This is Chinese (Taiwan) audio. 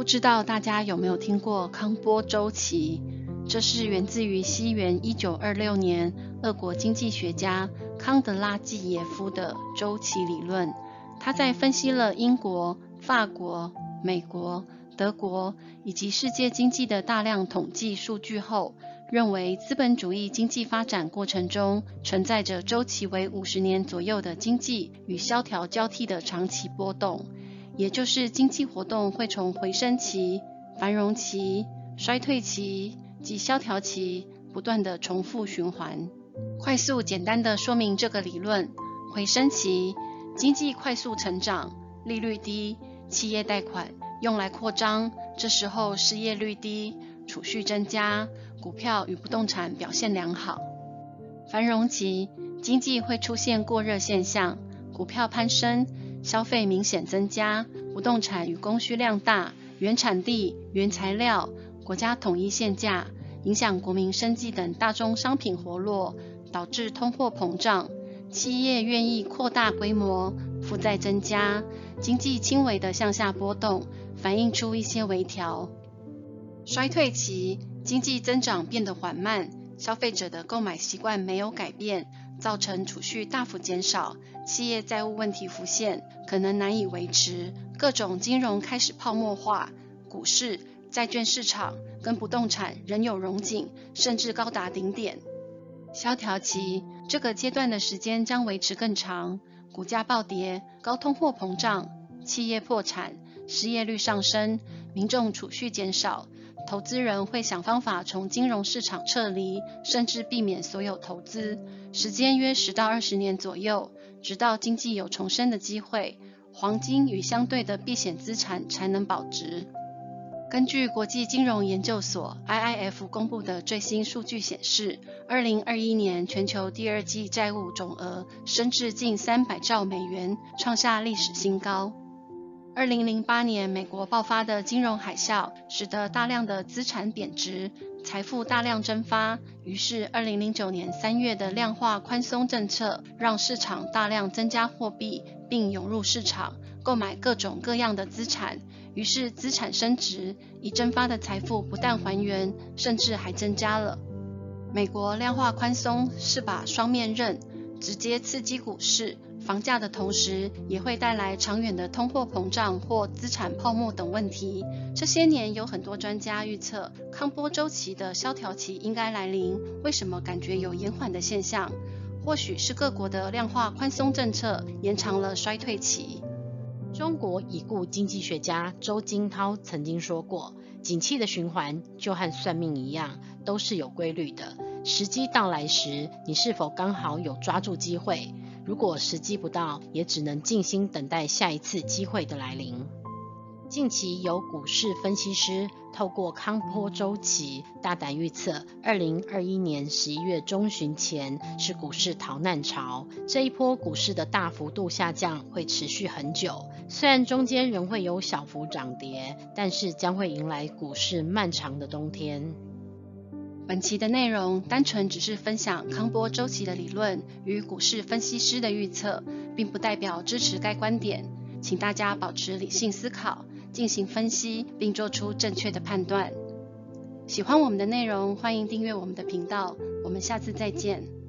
不知道大家有沒有聽過康波週期？這是源自於西元一九二六年俄國經濟學家康德拉季耶夫的週期理論。他在分析了英國、法國、美國、德國以及世界經濟的大量統計數據後，認為資本主義經濟發展過程中存在着週期為五十年左右的經濟與蕭條交替的長期波動。也就是經濟活動會從回升期、繁榮期、衰退期及蕭條期不斷的重複循環。快速簡單的說明這個理論：回升期，經濟快速成長，利率低，企業貸款用來擴張，這時候失業率低，儲蓄增加，股票與不動產表現良好。繁榮期，經濟會出現過熱現象，股票攀升。消費明顯增加，不動產與供需量大，原產地原材料國家統一限價，影響國民生計等大宗商品活絡，導致通貨膨脹。企業願意擴大規模，負債增加，經濟輕微的向下波動，反映出一些微調。衰退期，經濟增長變得緩慢，消費者的購買習慣沒有改變。造成儲蓄大幅減少，企業債務問題浮現，可能難以維持。各種金融開始泡沫化，股市、債券市場跟不動產仍有榮景，甚至高達頂點。蕭條期這個階段的時間將維持更長，股價暴跌，高通貨膨脹，企業破產，失業率上升，民眾儲蓄減少，投資人會想方法從金融市場撤離，甚至避免所有投資。時間約十到二十年左右，直到經濟有重生的機會，黃金與相對的避險資產才能保值。根據國際金融研究所 （IIF） 公布的最新數據顯示，二零二一年全球第二季債務總額昇至近三百兆美元，創下歷史新高。二零零八年美國爆發的金融海嘯，使得大量的資產貶值，財富大量蒸發。於是，二零零九年三月的量化寬鬆政策，讓市場大量增加貨幣，並湧入市場購買各種各樣的資產。於是，資產升值，已蒸發的財富不但還原，甚至還增加了。美國量化寬鬆是把雙面刃，直接刺激股市。房價的同時，也會帶來長遠的通貨膨脹或資產泡沫等問題。這些年有很多專家預測康波周期的蕭條期應該來臨，為什麼感覺有延緩的現象？或許是各國的量化寬鬆政策延長了衰退期。中國已故經濟學家周金濤曾經說過：“景氣的循環就和算命一樣，都是有規律的。時機到來時，你是否剛好有抓住機會？”如果時機不到，也只能靜心等待下一次機會的來臨。近期有股市分析師透過康波周期大膽預測，二零二一年十一月中旬前是股市逃難潮，這一波股市的大幅度下降會持續很久。雖然中間仍會有小幅漲跌，但是將會迎來股市漫長的冬天。本期的內容單純只是分享康波週期的理論與股市分析師的預測，並不代表支持該觀點。請大家保持理性思考，進行分析並做出正確的判斷。喜歡我們的內容，歡迎訂閱我們的頻道。我們下次再見。